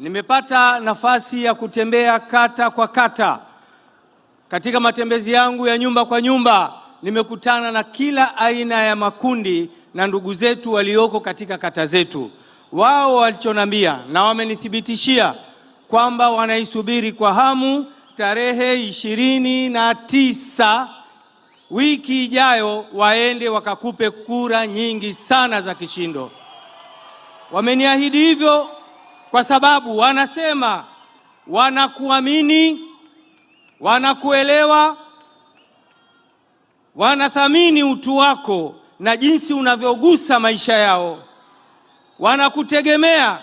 Nimepata nafasi ya kutembea kata kwa kata. Katika matembezi yangu ya nyumba kwa nyumba, nimekutana na kila aina ya makundi na ndugu zetu walioko katika kata zetu. Wao walichonambia na wamenithibitishia kwamba wanaisubiri kwa hamu tarehe ishirini na tisa wiki ijayo, waende wakakupe kura nyingi sana za kishindo. Wameniahidi hivyo kwa sababu wanasema wanakuamini, wanakuelewa, wanathamini utu wako na jinsi unavyogusa maisha yao, wanakutegemea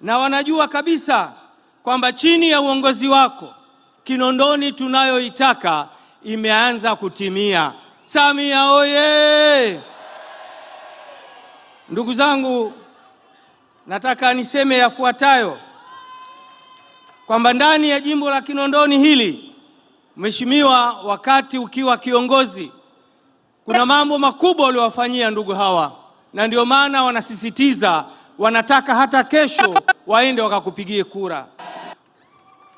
na wanajua kabisa kwamba chini ya uongozi wako Kinondoni tunayoitaka imeanza kutimia. Samia oye! Ndugu zangu Nataka niseme yafuatayo kwamba ndani ya jimbo la Kinondoni hili, mheshimiwa, wakati ukiwa kiongozi, kuna mambo makubwa uliowafanyia ndugu hawa, na ndio maana wanasisitiza, wanataka hata kesho waende wakakupigie kura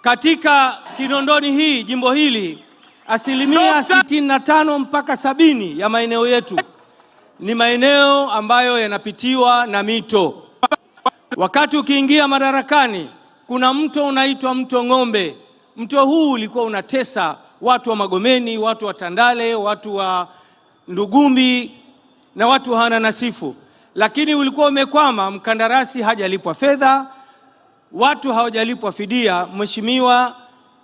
katika Kinondoni hii, jimbo hili asilimia sitini na tano mpaka sabini ya maeneo yetu ni maeneo ambayo yanapitiwa na mito. Wakati ukiingia madarakani, kuna mto unaitwa mto Ng'ombe. Mto huu ulikuwa unatesa watu wa Magomeni, watu wa Tandale, watu wa Ndugumbi na watu hawana nasifu, lakini ulikuwa umekwama. Mkandarasi hajalipwa fedha, watu hawajalipwa fidia. Mheshimiwa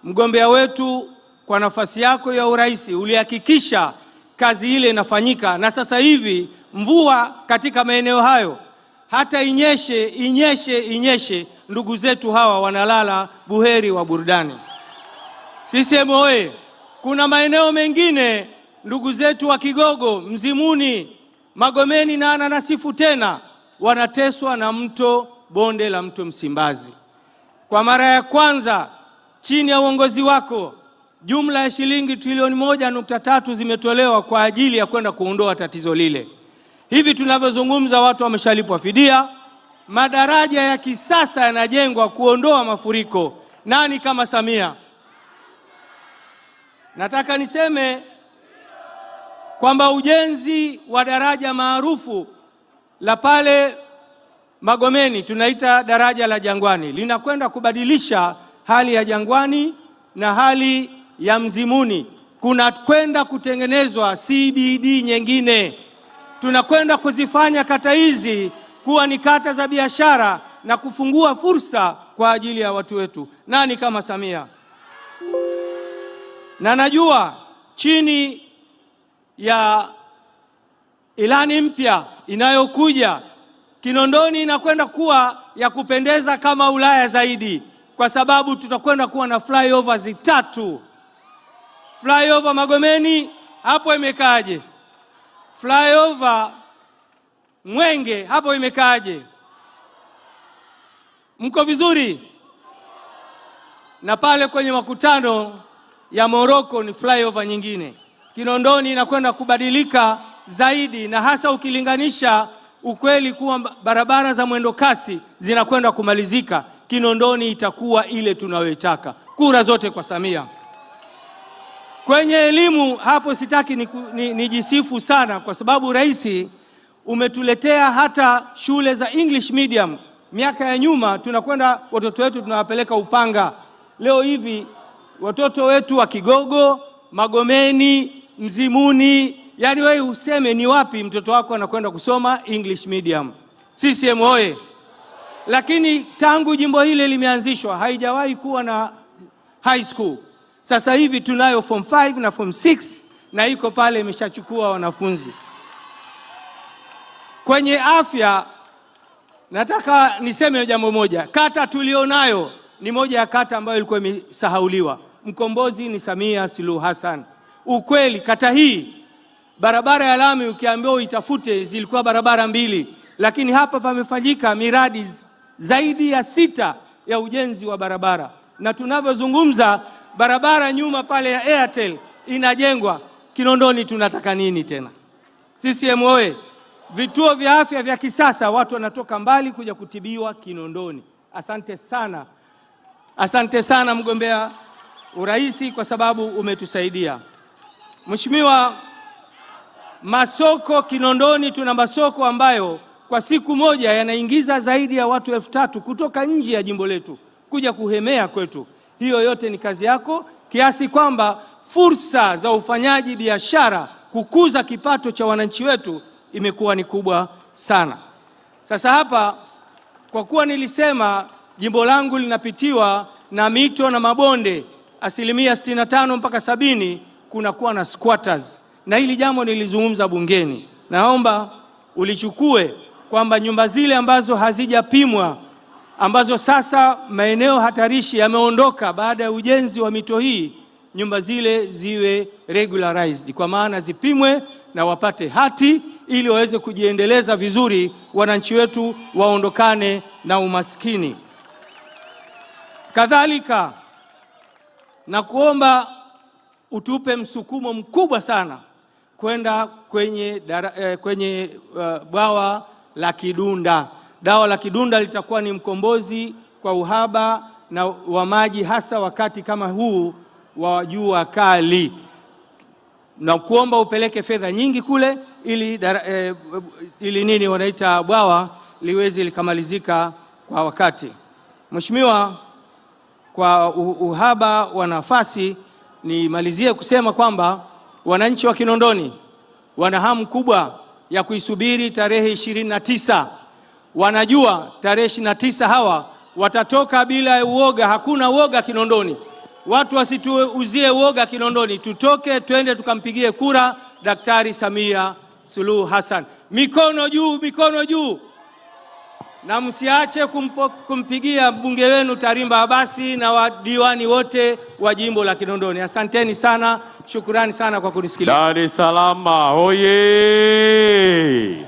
mgombea wetu, kwa nafasi yako ya urais ulihakikisha kazi ile inafanyika, na sasa hivi mvua katika maeneo hayo hata inyeshe inyeshe inyeshe, ndugu zetu hawa wanalala buheri wa burudani. CCM oye! Kuna maeneo mengine ndugu zetu wa Kigogo, Mzimuni, Magomeni na ananasifu tena wanateswa na mto, bonde la mto Msimbazi. Kwa mara ya kwanza chini ya uongozi wako jumla ya shilingi trilioni moja nukta tatu zimetolewa kwa ajili ya kwenda kuondoa tatizo lile. Hivi tunavyozungumza watu wameshalipwa fidia, madaraja ya kisasa yanajengwa kuondoa mafuriko. Nani kama Samia? Nataka niseme kwamba ujenzi wa daraja maarufu la pale Magomeni tunaita daraja la Jangwani linakwenda kubadilisha hali ya Jangwani na hali ya Mzimuni. Kuna kwenda kutengenezwa CBD nyingine tunakwenda kuzifanya kata hizi kuwa ni kata za biashara na kufungua fursa kwa ajili ya watu wetu. Nani kama Samia? Na najua chini ya ilani mpya inayokuja Kinondoni inakwenda kuwa ya kupendeza kama Ulaya zaidi, kwa sababu tutakwenda kuwa na flyover zitatu Flyover Magomeni hapo imekaaje? flyover Mwenge hapo imekaaje? Mko vizuri? Na pale kwenye makutano ya Moroko ni flyover nyingine. Kinondoni inakwenda kubadilika zaidi, na hasa ukilinganisha ukweli kuwa barabara za mwendo kasi zinakwenda kumalizika. Kinondoni itakuwa ile tunayoitaka. Kura zote kwa Samia. Kwenye elimu hapo sitaki nijisifu ni, ni sana kwa sababu rais umetuletea hata shule za English medium. Miaka ya nyuma tunakwenda watoto wetu tunawapeleka Upanga. Leo hivi watoto wetu wa Kigogo, Magomeni, Mzimuni, yani wewe useme ni wapi mtoto wako anakwenda kusoma English medium. CCM oye! Lakini tangu jimbo hili limeanzishwa haijawahi kuwa na high school. Sasa hivi tunayo form 5 na form 6 na iko pale imeshachukua wanafunzi. Kwenye afya nataka niseme jambo moja. Kata tulionayo ni moja ya kata ambayo ilikuwa imesahauliwa. Mkombozi ni Samia Suluhu Hassan. Ukweli kata hii barabara ya lami ukiambiwa uitafute, zilikuwa barabara mbili, lakini hapa pamefanyika miradi zaidi ya sita ya ujenzi wa barabara, na tunavyozungumza barabara nyuma pale ya Airtel inajengwa. Kinondoni tunataka nini tena? CCM oye! Vituo vya afya vya kisasa, watu wanatoka mbali kuja kutibiwa Kinondoni. Asante sana, asante sana mgombea urais kwa sababu umetusaidia. Mheshimiwa, masoko Kinondoni tuna masoko ambayo kwa siku moja yanaingiza zaidi ya watu elfu tatu kutoka nje ya jimbo letu kuja kuhemea kwetu. Hiyo yote ni kazi yako, kiasi kwamba fursa za ufanyaji biashara kukuza kipato cha wananchi wetu imekuwa ni kubwa sana. Sasa hapa, kwa kuwa nilisema jimbo langu linapitiwa na mito na mabonde asilimia 65 mpaka sabini kunakuwa na squatters, na hili jambo nilizungumza bungeni. Naomba ulichukue kwamba nyumba zile ambazo hazijapimwa ambazo sasa maeneo hatarishi yameondoka baada ya ujenzi wa mito hii, nyumba zile ziwe regularized, kwa maana zipimwe na wapate hati ili waweze kujiendeleza vizuri, wananchi wetu waondokane na umaskini. Kadhalika na kuomba utupe msukumo mkubwa sana kwenda kwenye, dara, eh, kwenye uh, bwawa la Kidunda Dawa la kidunda litakuwa ni mkombozi kwa uhaba na wa maji, hasa wakati kama huu wa jua kali, na kuomba upeleke fedha nyingi kule ili, eh, ili nini wanaita bwawa liweze likamalizika kwa wakati. Mheshimiwa, kwa uhaba wa nafasi, nimalizie kusema kwamba wananchi wa Kinondoni wana hamu kubwa ya kuisubiri tarehe ishirini na tisa wanajua tarehe ishirini na tisa hawa watatoka bila uoga. Hakuna uoga Kinondoni, watu wasituuzie uoga Kinondoni. Tutoke twende tukampigie kura Daktari Samia Suluhu Hassan. Mikono juu, mikono juu, na msiache kumpo, kumpigia mbunge wenu Tarimba Abasi na wadiwani wote wa jimbo la Kinondoni. Asanteni sana, shukurani sana kwa kunisikiliza. Dar es Salaam hoye!